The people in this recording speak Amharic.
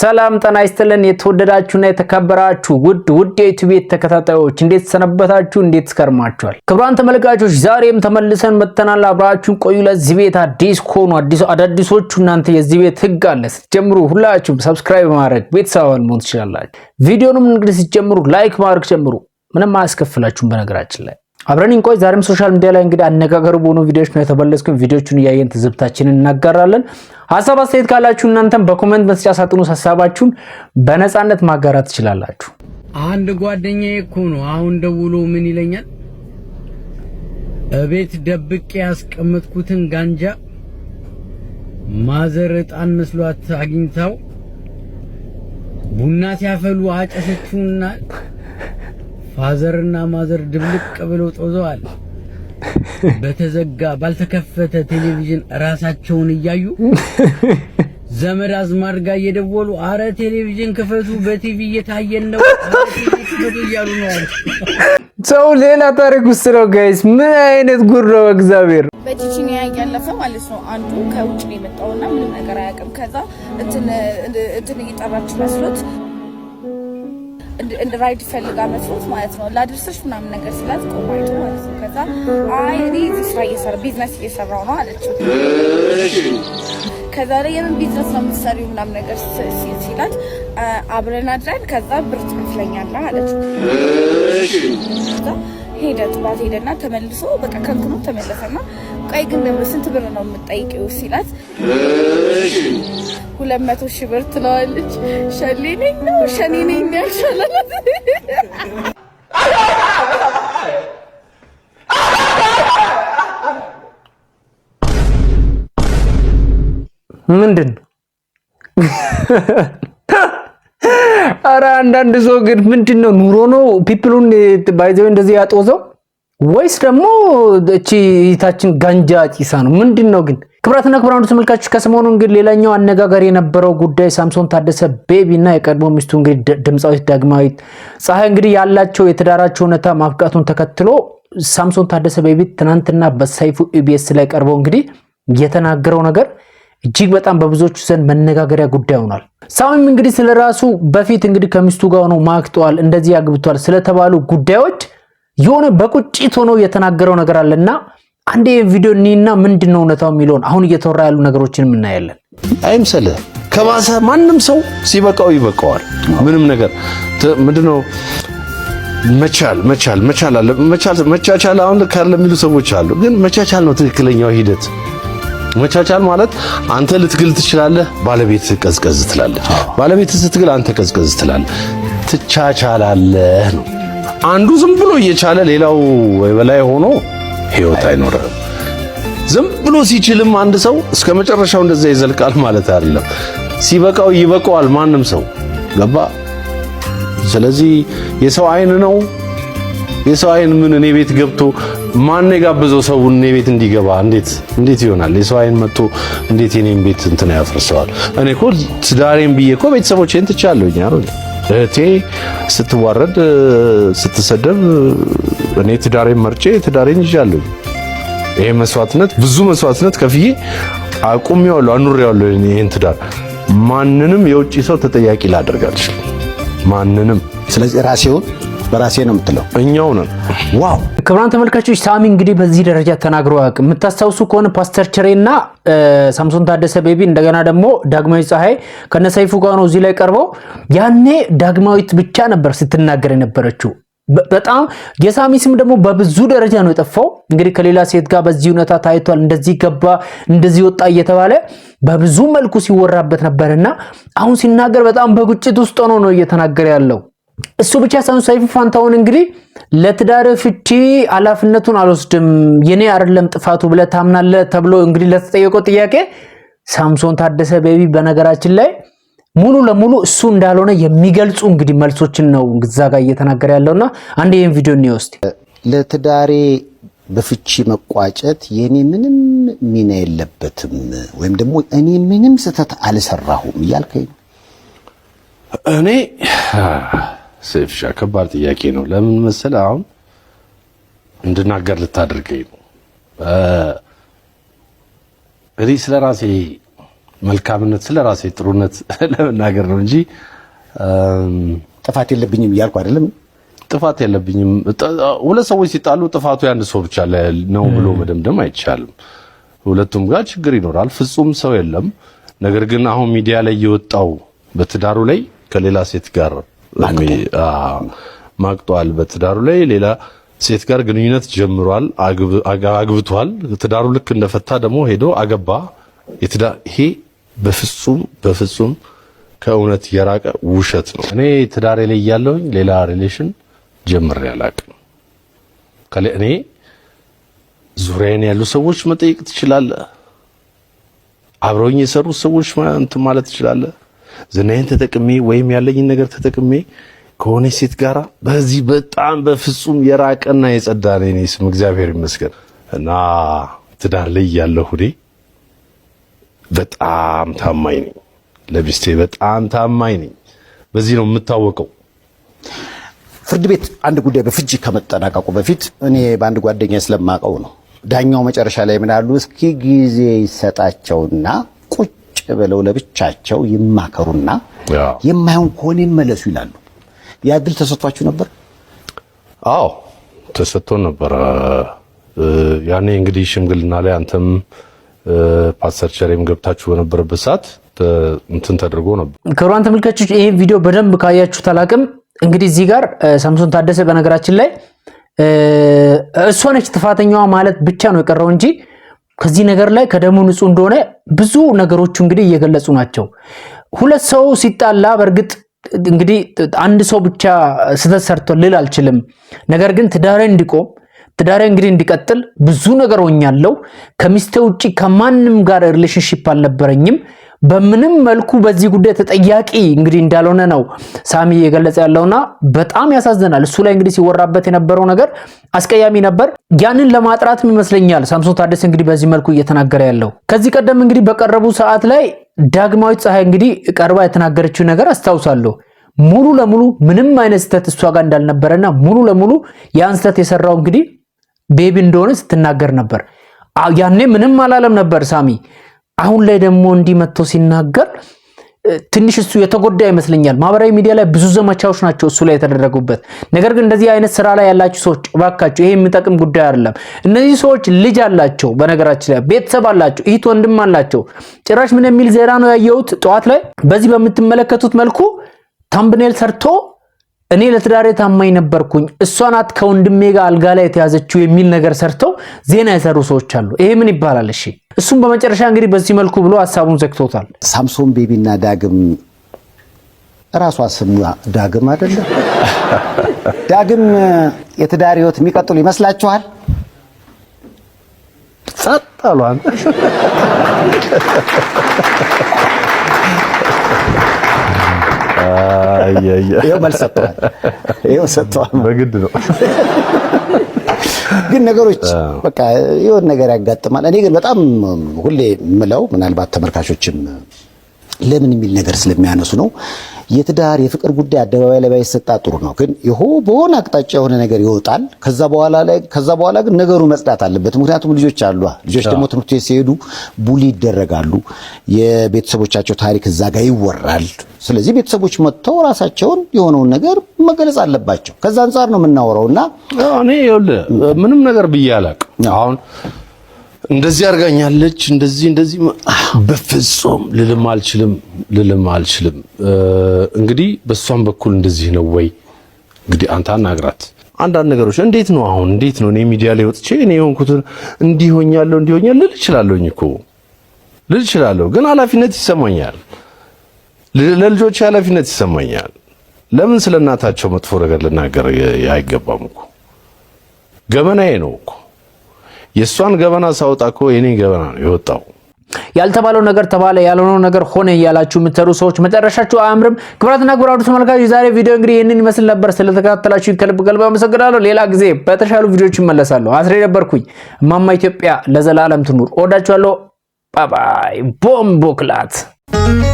ሰላም ጠና ይስጥልን። የተወደዳችሁና የተከበራችሁ ውድ ውድ የዩቲዩብ ተከታታዮች እንዴት ሰነበታችሁ? እንዴት ከርማችኋል? ክብራን ተመልካቾች ዛሬም ተመልሰን መጥተናል። አብራችሁን ቆዩ። ለዚህ ቤት አዲስ ከሆኑ አዳዲሶቹ እናንተ የዚህ ቤት ህግ አለ ስትጀምሩ ሁላችሁም ሰብስክራይብ ማድረግ ቤተሰብ መሆን ትችላላችሁ። ቪዲዮንም እንግዲህ ስትጀምሩ ላይክ ማድረግ ጀምሩ። ምንም አያስከፍላችሁም በነገራችን ላይ አብረን እንቆይ። ዛሬም ሶሻል ሚዲያ ላይ እንግዲህ አነጋገሩ በሆኑ ቪዲዮዎች ነው የተመለስኩኝ። ቪዲዮቹን እያየን ትዝብታችንን እናጋራለን። ሀሳብ አስተያየት ካላችሁ እናንተም በኮመንት መስጫ ሳጥኑ ሀሳባችሁን በነፃነት ማጋራት ትችላላችሁ። አንድ ጓደኛዬ እኮ ነው አሁን ደውሎ ምን ይለኛል፣ እቤት ደብቄ ያስቀመጥኩትን ጋንጃ ማዘር ዕጣን መስሏት አግኝታው ቡና ሲያፈሉ አጨሰችውና ፋዘርና ማዘር ድብልቅ ብለው ጦዘዋል። በተዘጋ ባልተከፈተ ቴሌቪዥን ራሳቸውን እያዩ ዘመድ አዝማድ ጋር እየደወሉ አረ ቴሌቪዥን ክፈቱ፣ በቲቪ እየታየን ነው እያሉ ነው። ሰው ሌላ ታሪክ ውስጥ ነው። ጋይስ ምን አይነት ጉድ ነው! እግዚአብሔር በቺቺኒያ እያለፈ ማለት ነው። አንዱ ከውጭ ነው የመጣውና ምንም ነገር አያውቅም። ከዛ እንትን እየጠራች መስሎት እንድራይድ ፈልጋ መስሎት ማለት ነው ላድርሰሽ ምናምን ነገር ስላት ቆማይቶ ማለት ነው። ከዛ አይ እኔ እዚህ ስራ እየሰራ ቢዝነስ እየሰራው ነው አለችው። ከዛ ላይ የምን ቢዝነስ ነው የምትሰሪው ምናምን ነገር ሲላት አብረን አድረን ከዛ ብር ትከፍለኛለህ አለችው። ሄደ ጥባት ሄደና ተመልሶ በቃ ከንክኑ ተመለሰና ቆይ ግን ስንት ብር ነው የምትጠይቂው ሲላት ሁለት መቶ ሺህ ብር ትለዋለች። ሸኔ ነኝ ነው ሸኔ ነኝ ያልሻላል። ምንድን አረ አንዳንድ ሰው ግን ምንድን ነው ኑሮ ነው ፒፕሉን ባይዘው እንደዚህ ያጦዘው ወይስ ደግሞ እቺ ይታችን ጋንጃ ጭሳ ነው ምንድን ነው ግን ክቡራትና ክቡራን ተመልካቾች ከሰሞኑ እንግዲህ ሌላኛው አነጋጋሪ የነበረው ጉዳይ ሳምሶን ታደሰ ቤቢ እና የቀድሞ ሚስቱ እንግዲህ ድምፃዊት ዳግማዊት ፀሐይ እንግዲህ ያላቸው የትዳራቸው ሁኔታ ማብቃቱን ተከትሎ ሳምሶን ታደሰ ቤቢ ትናንትና በሰይፉ ኢቢኤስ ላይ ቀርበው እንግዲህ የተናገረው ነገር እጅግ በጣም በብዙዎቹ ዘንድ መነጋገሪያ ጉዳይ ሆኗል። ሳሚም እንግዲህ ስለራሱ በፊት እንግዲህ ከሚስቱ ጋር ሆነው ማክተዋል፣ እንደዚህ ያግብቷል ስለተባሉ ጉዳዮች የሆነ በቁጭት ሆኖ የተናገረው ነገር አለና አንዴ ቪዲዮ እኒና ምንድን ነው እውነታው የሚለውን አሁን እየተወራ ያሉ ነገሮችን እናያለን። አይምሰልህ ከባሰ ማንም ሰው ሲበቃው ይበቃዋል። ምንም ነገር ምንድነው መቻል መቻል መቻል አለ መቻል መቻቻል አሁን ካለ የሚሉ ሰዎች አሉ። ግን መቻቻል ነው ትክክለኛው ሂደት። መቻቻል ማለት አንተ ልትግል ትችላለህ፣ ባለቤት ቀዝቀዝ ትላለህ። ባለቤት ስትግል አንተ ቀዝቀዝ ትላለህ። ትቻቻላለህ ነው። አንዱ ዝም ብሎ እየቻለ ሌላው በላይ ሆኖ ህይወት አይኖርም። ዝም ብሎ ሲችልም አንድ ሰው እስከ መጨረሻው እንደዛ ይዘልቃል ማለት አይደለም። ሲበቃው ይበቃዋል። ማንም ሰው ገባ። ስለዚህ የሰው አይን ነው የሰው አይን ምን እኔ ቤት ገብቶ ማን የጋበዘው ሰው እኔ ቤት እንዲገባ እንዴት እንዴት ይሆናል? የሰው አይን መጥቶ እንዴት የኔን ቤት እንትን ያፈርሰዋል? እኔ እኮ ትዳሬን ብዬ እኮ ቤተሰቦቼን ትቻለሁኝ አይደል እህቴ ስትዋረድ ስትሰደብ እኔ ትዳሬን መርጬ ትዳሬን ይዣለሁ። ይሄ መስዋዕትነት ብዙ መስዋዕትነት ከፍዬ አቁሜዋለሁ፣ አኑሬዋለሁ ይሄን ትዳር። ማንንም የውጭ ሰው ተጠያቂ ላደርጋለች ማንንም ስለዚህ ራሴውን በራሴ ነው የምትለው። እኛው ነን። ዋው! ክቡራን ተመልካቾች ሳሚ እንግዲህ በዚህ ደረጃ ተናግሮ አያውቅም። የምታስታውሱ ከሆነ ፓስተር ችሬና ሳምሶን ታደሰ ቤቢ እንደገና ደግሞ ዳግማዊ ፀሐይ ከነሰይፉ ጋር ነው እዚህ ላይ ቀርበው። ያኔ ዳግማዊት ብቻ ነበር ስትናገር የነበረችው። በጣም የሳሚ ስም ደግሞ በብዙ ደረጃ ነው የጠፋው። እንግዲህ ከሌላ ሴት ጋር በዚህ እውነታ ታይቷል፣ እንደዚህ ገባ፣ እንደዚህ ወጣ እየተባለ በብዙ መልኩ ሲወራበት ነበርና አሁን ሲናገር በጣም በጉጭት ውስጥ ሆኖ ነው እየተናገረ ያለው። እሱ ብቻ ሳይሆን ሰይፉ ፋንታሁን እንግዲህ ለትዳር ፍቺ ኃላፊነቱን አልወስድም የኔ አይደለም ጥፋቱ ብለህ ታምናለህ ተብሎ እንግዲህ ለተጠየቀው ጥያቄ ሳምሶን ታደሰ ቤቢ በነገራችን ላይ ሙሉ ለሙሉ እሱ እንዳልሆነ የሚገልጹ እንግዲህ መልሶችን ነው እዛ ጋር እየተናገረ ያለውና አንድ ይህን ቪዲዮ እንወስድ። ለትዳሬ በፍቺ መቋጨት የእኔ ምንም ሚና የለበትም ወይም ደግሞ እኔ ምንም ስህተት አልሰራሁም እያልከኝ እኔ ሴፍሻ ከባድ ጥያቄ ነው። ለምን መሰለ አሁን እንድናገር ልታደርገኝ ነው። እኔ ስለ ራሴ መልካምነት ስለ ራሴ ጥሩነት ለመናገር ነው እንጂ ጥፋት የለብኝም እያልኩ አይደለም። ጥፋት የለብኝም። ሁለት ሰዎች ሲጣሉ ጥፋቱ የአንድ ሰው ብቻ ነው ብሎ መደምደም አይቻልም። ሁለቱም ጋር ችግር ይኖራል። ፍጹም ሰው የለም። ነገር ግን አሁን ሚዲያ ላይ የወጣው በትዳሩ ላይ ከሌላ ሴት ጋር ማቅጧል። በትዳሩ ላይ ሌላ ሴት ጋር ግንኙነት ጀምሯል፣ አግብቷል። ትዳሩ ልክ እንደፈታ ደግሞ ሄዶ አገባ። ይሄ በፍጹም በፍጹም ከእውነት የራቀ ውሸት ነው። እኔ ትዳሬ ላይ እያለሁኝ ሌላ ሪሌሽን ጀምሬ አላቅም። እኔ ዙሪያን ያሉ ሰዎች መጠየቅ ትችላለህ። አብረውኝ የሰሩ ሰዎች እንትን ማለት ትችላለህ። ዝናዬን ተጠቅሜ ወይም ያለኝን ነገር ተጠቅሜ ከሆነ ሴት ጋር በዚህ በጣም በፍጹም የራቀና የጸዳ ነው የእኔ ስም እግዚአብሔር ይመስገን። እና ትዳር ላይ ያለሁ እኔ በጣም ታማኝ ነኝ፣ ለሚስቴ በጣም ታማኝ ነኝ። በዚህ ነው የምታወቀው። ፍርድ ቤት አንድ ጉዳይ በፍጅ ከመጠናቀቁ በፊት እኔ በአንድ ጓደኛ ስለማውቀው ነው ዳኛው መጨረሻ ላይ ምናሉ እስኪ ጊዜ ይሰጣቸውና ብለው ለብቻቸው ይማከሩና የማይሆን ከሆነ ይመለሱ ይላሉ። ያ እድል ተሰጥቷችሁ ነበር? አዎ ተሰጥቶ ነበረ። ያኔ እንግዲህ ሽምግልና ላይ አንተም ፓስተር ቸሬም ገብታችሁ በነበረበት ሰዓት እንትን ተደርጎ ነበር። ክቡራን ተመልካቾች ይሄን ቪዲዮ በደንብ ካያችሁ ታላቅም እንግዲህ እዚህ ጋር ሳምሶን ታደሰ በነገራችን ላይ እሷ ነች ጥፋተኛዋ ማለት ብቻ ነው የቀረው እንጂ ከዚህ ነገር ላይ ከደሙ ንጹህ እንደሆነ ብዙ ነገሮቹ እንግዲህ እየገለጹ ናቸው። ሁለት ሰው ሲጣላ በእርግጥ እንግዲህ አንድ ሰው ብቻ ስህተት ሰርቶ ልል አልችልም። ነገር ግን ትዳሬ እንዲቆም ትዳሬ እንግዲህ እንዲቀጥል ብዙ ነገር ሆኛለሁ። ከሚስቴ ውጭ ከማንም ጋር ሪሌሽንሽፕ አልነበረኝም። በምንም መልኩ በዚህ ጉዳይ ተጠያቂ እንግዲህ እንዳልሆነ ነው ሳሚ እየገለጸ ያለውና በጣም ያሳዝናል። እሱ ላይ እንግዲህ ሲወራበት የነበረው ነገር አስቀያሚ ነበር። ያንን ለማጥራትም ይመስለኛል ሳምሶን ታደሰ እንግዲህ በዚህ መልኩ እየተናገረ ያለው ከዚህ ቀደም እንግዲህ በቀረቡ ሰዓት ላይ ዳግማዊት ፀሐይ እንግዲህ ቀርባ የተናገረችው ነገር አስታውሳለሁ። ሙሉ ለሙሉ ምንም አይነት ስህተት እሷ ጋር እንዳልነበረና ሙሉ ለሙሉ ያን ስህተት የሰራው እንግዲህ ቤቢ እንደሆነ ስትናገር ነበር። ያኔ ምንም አላለም ነበር ሳሚ አሁን ላይ ደግሞ እንዲህ መጥቶ ሲናገር ትንሽ እሱ የተጎዳ ይመስለኛል። ማህበራዊ ሚዲያ ላይ ብዙ ዘመቻዎች ናቸው እሱ ላይ የተደረጉበት። ነገር ግን እንደዚህ አይነት ስራ ላይ ያላችሁ ሰዎች እባካችሁ ይሄ የሚጠቅም ጉዳይ አይደለም። እነዚህ ሰዎች ልጅ አላቸው፣ በነገራችን ላይ ቤተሰብ አላቸው፣ እህት ወንድም አላቸው። ጭራሽ ምን የሚል ዜና ነው ያየሁት ጠዋት ላይ በዚህ በምትመለከቱት መልኩ ታምብኔል ሰርቶ እኔ ለትዳሬ ታማኝ ነበርኩኝ፣ እሷ ናት ከወንድሜ ጋር አልጋ ላይ የተያዘችው የሚል ነገር ሰርተው ዜና የሰሩ ሰዎች አሉ። ይሄ ምን ይባላል? እሺ እሱም በመጨረሻ እንግዲህ በዚህ መልኩ ብሎ ሀሳቡን ዘግቶታል። ሳምሶን ቤቢና ዳግም እራሷ ስሙ ዳግም አይደለም? ዳግም የትዳር ህይወት የሚቀጥሉ ይመስላችኋል? ጸጥ ይኸው መልስ ሰጥተዋል። ይኸው ሰጥተዋል። በግድ ነው ግን ነገሮች በቃ የሆነ ነገር ያጋጥማል። እኔ ግን በጣም ሁሌ ምለው ምናልባት ተመልካቾችም ለምን የሚል ነገር ስለሚያነሱ ነው የትዳር የፍቅር ጉዳይ አደባባይ ላይ ባይሰጣ ጥሩ ነው። ግን ይሆ በሆነ አቅጣጫ የሆነ ነገር ይወጣል። ከዛ በኋላ ላይ ከዛ በኋላ ግን ነገሩ መጽዳት አለበት። ምክንያቱም ልጆች አሉ። ልጆች ደግሞ ትምህርት ቤት ሲሄዱ ቡሊ ይደረጋሉ። የቤተሰቦቻቸው ታሪክ እዛ ጋር ይወራል። ስለዚህ ቤተሰቦች መጥተው ራሳቸውን የሆነውን ነገር መገለጽ አለባቸው። ከዛ አንጻር ነው የምናወራውና እኔ ይኸውልህ ምንም ነገር ብዬ አላቅም አሁን እንደዚህ አድርጋኛለች እንደዚህ እንደዚህ በፍጹም ልልም አልችልም ልልም አልችልም። እንግዲህ በእሷም በኩል እንደዚህ ነው ወይ እንግዲህ አንተ አናግራት። አንዳንድ ነገሮች እንዴት ነው አሁን እንዴት ነው እኔ ሚዲያ ላይ ወጥቼ እኔ የሆንኩትን እንዲሆኛለሁ እንዲሆኛል ልል እችላለሁኝ እኮ ልል እችላለሁ፣ ግን ኃላፊነት ይሰማኛል። ለልጆች ኃላፊነት ይሰማኛል። ለምን ስለ እናታቸው መጥፎ ነገር ልናገር አይገባም እኮ ገመናዬ ነው እኮ የእሷን ገበና ሳወጣ እኮ የኔ ገበና ነው የወጣው። ያልተባለው ነገር ተባለ፣ ያልሆነው ነገር ሆነ እያላችሁ የምትሰሩ ሰዎች መጨረሻችሁ አያምርም። ክብራትና ክብራዱ ተመልካች፣ የዛሬ ቪዲዮ እንግዲህ ይህንን ይመስል ነበር። ስለተከታተላችሁ ከልብ ከልብ አመሰግናለሁ። ሌላ ጊዜ በተሻሉ ቪዲዮዎች ይመለሳለሁ። አስሬ ነበርኩኝ። እማማ ኢትዮጵያ ለዘላለም ትኑር። እወዳችኋለሁ። ባባይ ቦምቦ ክላት